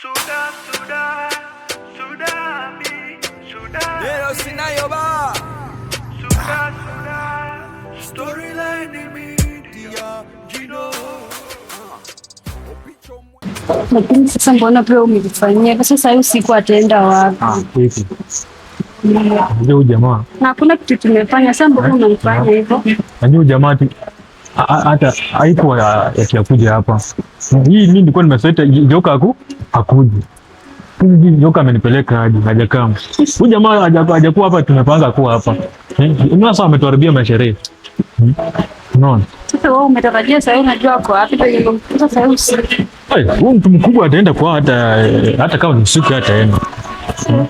Suda, suda, suda, mi, suda. Leo sina yoba. Suda, suda, storyline mi, dia, Gino. Lakini sasa mbona pia umenifanyia? Kwa sasa usiku ataenda wapi? Unajua huyu jamaa. Na hakuna kitu tumefanya sasa mbona unamfanya hivyo? Unajua huyu jamaa hata haikuwa yakiakuja hapa. Hii mimi nilikuwa nimesoita joka ku Hakuje. Hivi amenipeleka aje? Hajakaa. Huyu jamaa hajakuwa hapa, tumepanga kuwa hapa. Mimi eh, sasa ametuharibia masherehe. Hmm? Unaona? mtu mkubwa ataenda kwa hata hata kama ni usiku hataenda. Hmm?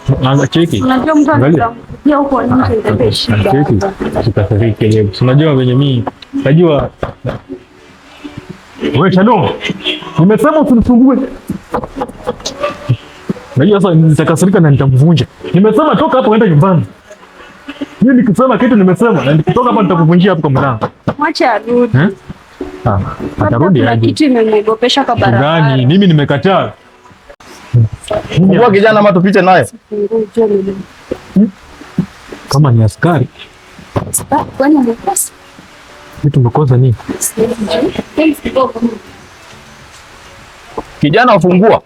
Unajua wenye mimi. najua wewe Shalom. Nimesema usimsumbue. Najua sasa nitakasirika na nitamvunja. Nimesema toka hapo uende nyumbani. Mimi nikisema kitu nimesema na nikitoka hapa nitakuvunjia hapo kwa mlango. Mwacha arudi. Eh? Ah, atarudi aje. Kitu imemwogopesha kwa barabara. Gani? Mimi nimekataa. Kwa kijana ama tupite naye. Kama ni askari. Ah, kwani umekosa? Kitu umekosa nini? Kijana ufungua.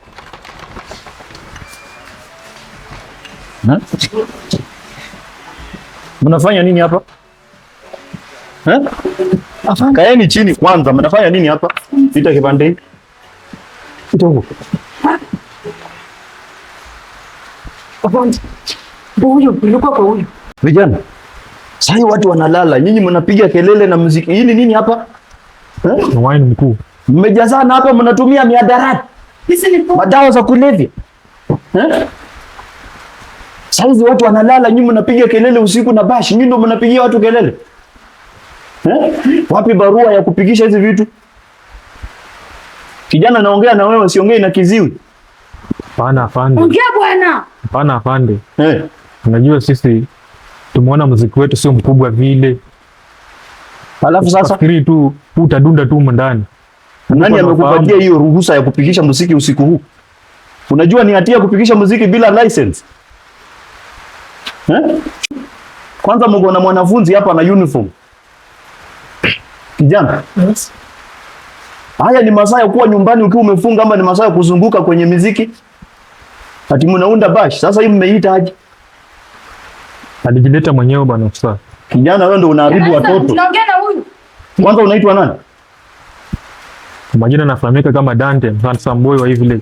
Mnafanya nini hapa? Kaeni chini kwanza, mnafanya nini hapa? Pita kipande Vijana, sasa watu wanalala, nyinyi mnapiga kelele na muziki. Hili nini hapa? Wine mkuu. Mmejazana hapa mnatumia miadarati. Madawa za kulevya. Saizi watu wanalala, nyinyi mnapiga kelele usiku na bashi, nyinyi ndio mnapigia watu kelele eh? Wapi barua ya kupigisha hizi vitu? Kijana, naongea na wewe, siongei na kiziwi. Hapana afande, ongea bwana. Hapana afande, eh, unajua sisi tumeona muziki wetu sio mkubwa vile, alafu sasa fikiri tu utadunda tu mndani. Nani amekupatia hiyo ruhusa ya kupigisha muziki usiku huu? Unajua ni hatia kupigisha muziki bila license. Eh? Kwanza mko na mwanafunzi hapa na uniform. Kijana. Yes. Haya ni masaa ya kuwa nyumbani ukiwa umefunga ama ni masaa ya kuzunguka kwenye miziki? Ati mnaunda bash. Sasa hii mmeita aje? Alijileta mwenyewe bwana Ustaz. Kijana wewe ndio unaharibu watoto. Tunaongea na huyu. Kwanza unaitwa nani? Majina nafahamika kama Dante, handsome boy wa hivi leo.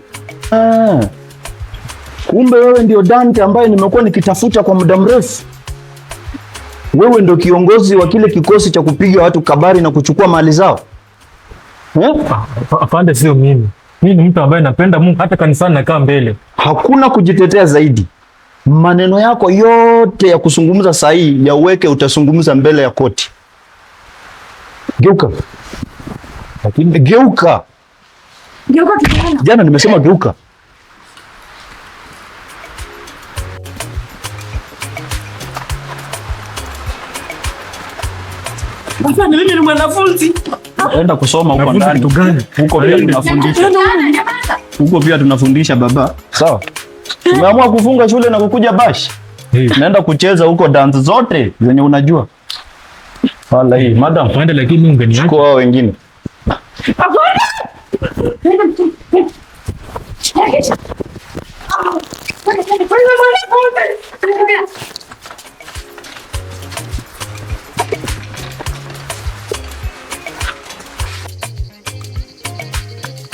Ah. Kumbe wewe ndio Dante ambaye nimekuwa nikitafuta kwa muda mrefu. Wewe ndio kiongozi wa kile kikosi cha kupiga watu kabari na kuchukua mali zao. Afande, sio mimi. Mimi ni mtu ambaye napenda Mungu, hata kanisani nakaa mbele. Hakuna kujitetea zaidi. Maneno yako yote ya kusungumza saa hii ya uweke, utazungumza mbele ya koti. Geuka, lakini geuka, geuka. Jana nimesema geuka. Mimi ni mwanafunzi. Naenda kusoma huko ndani. Huko pia tunafundisha. Huko pia tunafundisha baba. Sawa. Umeamua kufunga shule na kukuja bash. Naenda kucheza huko dance zote zenye unajua. Wala hii madam. Pande lakini unganiacha. Kwa wao wengine.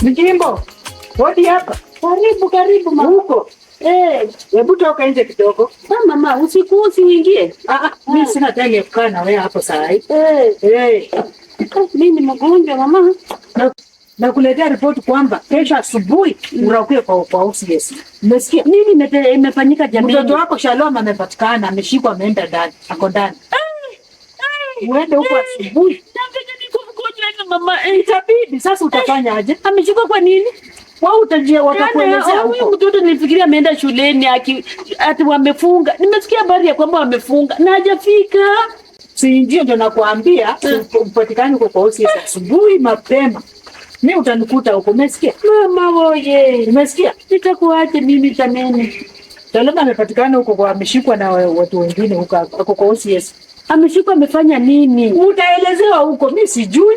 Mjimbo, hodi hapa. Karibu, karibu mama. Huko. Eh, hebu toka nje kidogo. Mama, usiku uingie. Ah, ah, mimi sina tayari ya kukaa na wewe hapo saa hii. Eh. Eh. Ah, mimi mgonjwa mama. Na kuletea ripoti kwamba kesho asubuhi mm. uraukie kwa kwa OCS. Umesikia? Nini imefanyika jamii? Mtoto wako Shalom amepatikana, ameshikwa ameenda ndani. Ako ndani. Eh, eh, Uende huko eh. asubuhi mama, itabidi eh, sasa. Utafanyaje? Ameshuka kwa nini? Wao utajia watakueleza. Yaani, Huyu mtoto nilifikiria ameenda shuleni aki ati wamefunga. Nimesikia habari ya kwamba wamefunga na hajafika. Si ndio? Ndio nakwambia eh. upatikane kwa kwa usi eh. asubuhi mapema. Mimi utanikuta huko. Umesikia? Mama woye. Umesikia? Nitakuaje mimi tamene. Talaba amepatikana huko kwa ameshikwa na watu wengine huko kwa OCS. Ameshikwa amefanya nini? Utaelezewa huko, mimi sijui.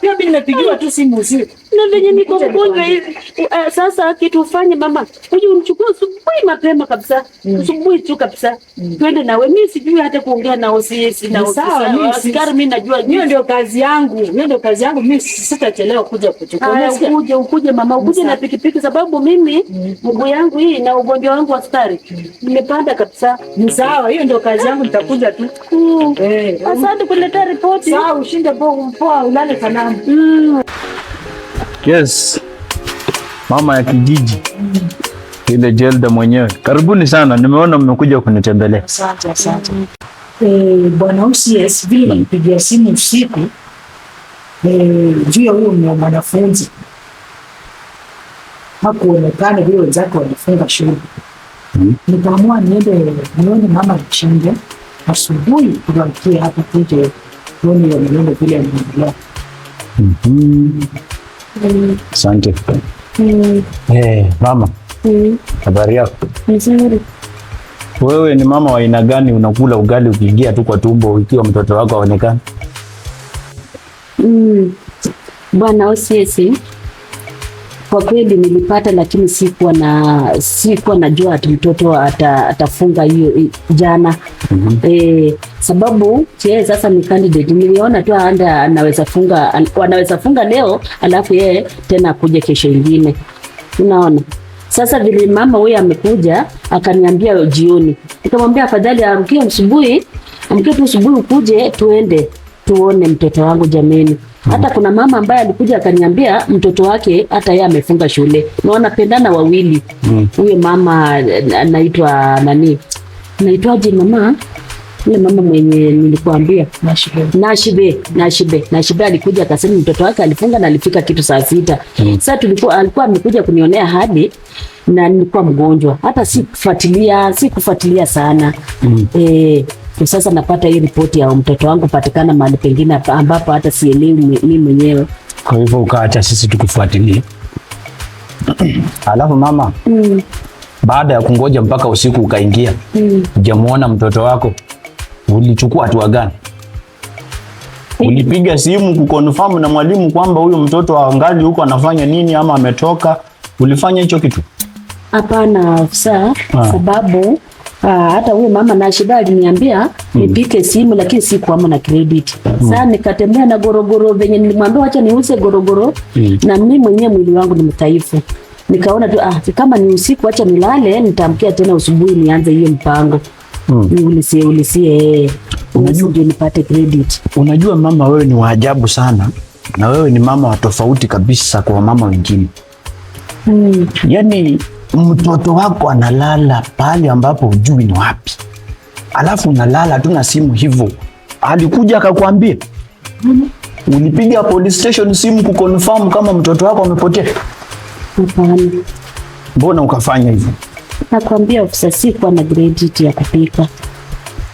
Pia mimi nimepigiwa tu simu usiku na venye niko mgonjwa hivi uh, sasa kitu ufanye mama, huyu umchukue asubuhi mapema kabisa, mm. asubuhi tu kabisa, mm. twende nawe. Mimi sijui hata kuongea na sisi na askari, mimi najua hiyo ndio kazi yangu, hiyo ndio kazi yangu. Mimi sitachelewa kuja kuchukua, ukuje ukuje mama, ukuje na pikipiki, sababu mimi mm. mguu yangu hii na ugonjwa wangu wa sukari nimepanda kabisa. Ni sawa, hiyo ndio kazi yangu, nitakuja tu. Eh, Asante kuleta ripoti. Sawa, ushinde poa, ulale salama. Yes, mama ya kijiji ile Jelda mwenyewe. Karibuni sana, nimeona mmekuja kunitembelea. Asante, asante. Eh, bwana UCSB nipigia simu usiku eh, juu ya huyo ni mwanafunzi hakuonekana vile wenzake walifunga shule. mm. Nikaamua niende nione mama Mchinge asubuhi kuamkia hapa tuje tuone yeye vile anaendelea. Mm-hmm. Asante. Mm. Hey, eh, mama. Mm. Habari yako? Nzuri. Wewe ni mama wa aina gani? Unakula ugali ukiingia tu kwa tumbo ikiwa mtoto wako aonekana? Mm. Bwana Osiesi, kwa kweli nilipata, lakini sikuwa na sikuwa najua ati mtoto atafunga hiyo jana. mm -hmm sababu yeye sasa ni candidate. Niliona tu anda anaweza funga, an, anaweza funga leo alafu yeye tena akuje kesho ingine, unaona sasa vile mama huyu amekuja akaniambia jioni, nikamwambia afadhali arukie asubuhi, amkie tu asubuhi ukuje tuende tuone mtoto wangu jameni. Hata kuna mama ambaye alikuja akaniambia mtoto wake hata yeye amefunga shule na wanapendana wawili. Mm. Huyo mama eh, anaitwa nani, naitwaje mama yule mama mwenye nilikuambia Nashibe, Nashibe, Nashibe, alikuja akasema mtoto wake alifunga na alifika kitu saa sita. Mm. Sasa tulikuwa alikuwa amekuja kunionea hadi na nilikuwa mgonjwa, hata sikufuatilia sikufuatilia sana. Mm. Eh, kwa sasa napata hii ripoti ya mtoto wangu patikana mahali pengine ambapo hata sielewi mimi mwenyewe. Kwa hivyo ukaacha sisi tukifuatilia. Alafu mama, mm. baada ya kungoja mpaka usiku ukaingia, mm. jamuona mtoto wako ulichukua hatua gani? Ulipiga simu kuconfirm na mwalimu kwamba huyu mtoto angali huko anafanya nini ama ametoka? Ulifanya hicho kitu? Hapana afisa, ah. sababu Aa, ah, hata huyo mama na shida aliniambia mm. nipike simu lakini si sikuamo na credit mm. Sasa nikatembea na gorogoro venye nilimwambia acha niuze gorogoro mm. na mimi mwenyewe mwili wangu ni mtaifu, nikaona tu ah, kama ni usiku acha nilale, nitamkia tena usubuhi nianze hiyo mpango mm. ulisie ulisie, eh. unajua ndio nipate credit. Unajua mama, wewe ni waajabu sana, na wewe ni mama wa tofauti kabisa kwa mama wengine mm. Yani mtoto wako analala pale ambapo ujui ni wapi, alafu unalala tu na simu hivyo. Alikuja akakwambia mm. Ulipiga police station simu kuconfirm kama mtoto wako amepotea? Mbona ukafanya hivyo? Nakwambia ofisa, sikuwa na credit ya kupika.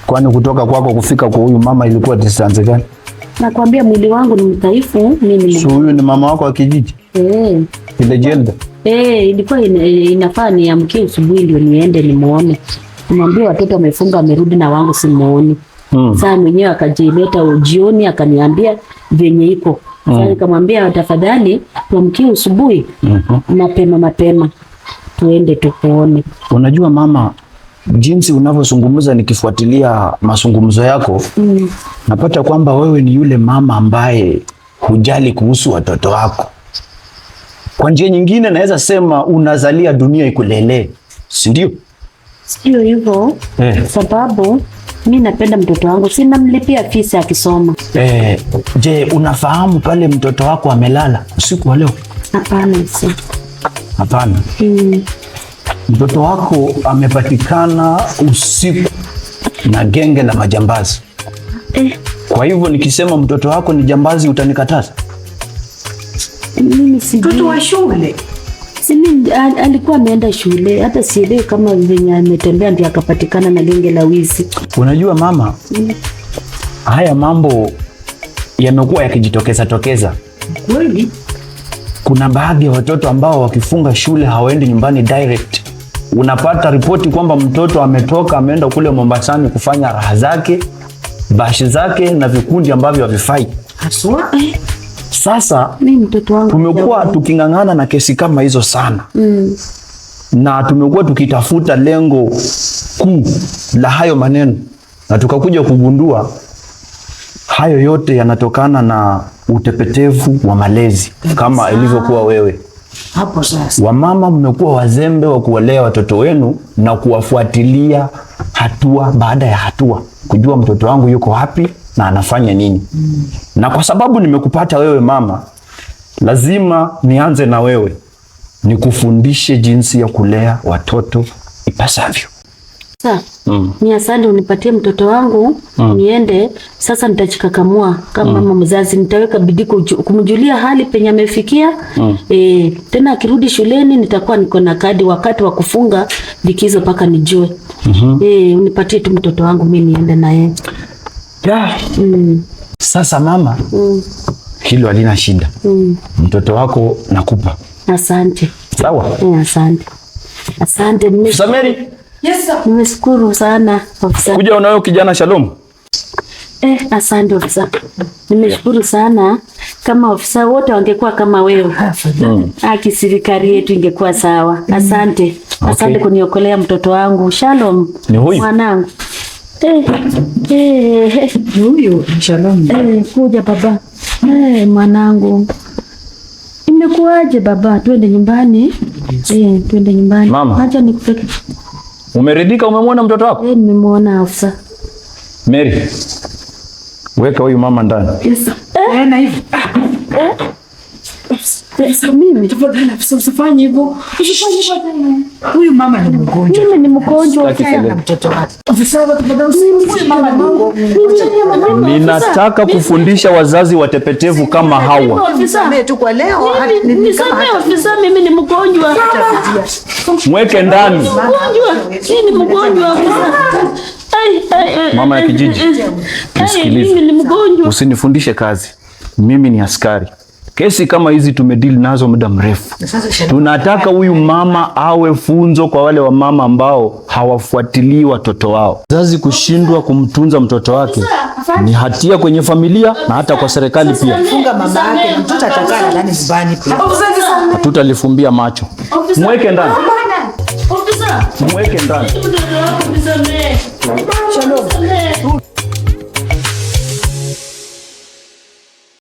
Kwani kutoka kwako kufika kwa huyu mama ilikuwa distance gani? Nakwambia mwili wangu ni mdhaifu mimi. So huyu ni mama wako wa kijiji? Eh. Ile jenda. Eh, ilikuwa inafaa niamkie asubuhi ndio niende nimuone. Nimwambie watoto wamefunga wamerudi na wangu simuoni. Hmm. Sasa mwenyewe akajileta jioni akaniambia venye iko. Sasa hmm. nikamwambia tafadhali tuamkie asubuhi. Mm -hmm. Mapema mapema tuende tukuone. Unajua mama, jinsi unavyozungumza nikifuatilia mazungumzo yako mm. napata kwamba wewe ni yule mama ambaye hujali kuhusu watoto wako. Kwa njia nyingine naweza sema unazalia dunia ikulelee, si ndio? Sio hivyo eh. Sababu mi napenda mtoto wangu, sinamlipia fisi akisoma eh. Je, unafahamu pale mtoto wako amelala usiku wa leo? Hapana. Hapana. Mm. Mtoto wako amepatikana usiku na genge la majambazi eh. Kwa hivyo nikisema mtoto wako ni jambazi utanikataza? mtoto wa shule. Simi alikuwa ameenda shule, hata sielewi kama venye ametembea ndio akapatikana na genge la wizi. Unajua mama, mm. haya mambo yamekuwa yakijitokeza tokeza kweli kuna baadhi ya watoto ambao wakifunga shule hawaendi nyumbani direct. Unapata ripoti kwamba mtoto ametoka ameenda kule Mombasani kufanya raha zake, bashi zake na vikundi ambavyo havifai. Sasa tumekuwa tuking'ang'ana na kesi kama hizo sana mm. na tumekuwa tukitafuta lengo kuu la hayo maneno na tukakuja kugundua hayo yote yanatokana na utepetevu wa malezi kama ilivyokuwa wewe. Hapo sasa, wamama mmekuwa wazembe wa kuwalea watoto wenu na kuwafuatilia hatua baada ya hatua, kujua mtoto wangu yuko wapi na anafanya nini. Mm. Na kwa sababu nimekupata wewe mama, lazima nianze na wewe, nikufundishe jinsi ya kulea watoto ipasavyo. Sawa mm. mia asante unipatie mtoto wangu mm. niende sasa, nitachikakamua kama mm. mama mm. mzazi, nitaweka bidii kumjulia hali penye amefikia mm. e, tena akirudi shuleni nitakuwa niko na kadi wakati wa kufunga likizo paka nijue mm -hmm. e, unipatie tu mtoto wangu mimi niende naye yeah. mm. Sasa mama mm. hilo halina shida mm. mtoto wako nakupa. Asante sawa. Eh, asante asante Sameri. Yes sir. Nimeshukuru sana ofisa. Kuja unayo kijana Shalom. Eh, asante ofisa. Nimeshukuru sana kama ofisa wote wangekuwa kama wewe. Ah, mm. Aki serikali yetu ingekuwa sawa. Asante. Hmm. Asante okay, kuniokolea mtoto wangu Shalom. Ni huyu mwanangu. Eh, eh, eh, huyu Shalom. Eh, kuja baba. Eh, mwanangu. Imekuwaje baba? Twende nyumbani. Yes. Eh, twende nyumbani. Acha nikupeke. Umeridhika? Umemwona mtoto wako? Eh, nimemwona afisa. Mary, weka huyu mama ndani. Yes. Eh, na hivi. Eh. Usifanye hivyo. Huyu mama ni mgonjwa. Mimi ni mgonjwa na mtoto wake. Ninataka kufundisha wazazi watepetevu kama hawa. Mimi ni mgonjwa. Mweke ndani. Mimi ni mgonjwa. Mama ya kijiji, nisikilize. Usinifundishe kazi. Mimi ni askari. Kesi kama hizi tumedeal nazo muda mrefu. Tunataka huyu mama awe funzo kwa wale wamama ambao hawafuatilii watoto wao. Mzazi kushindwa kumtunza mtoto wake ni hatia kwenye familia na hata kwa serikali pia. Hatutalifumbia macho. Mweke ndani. Mweke ndani.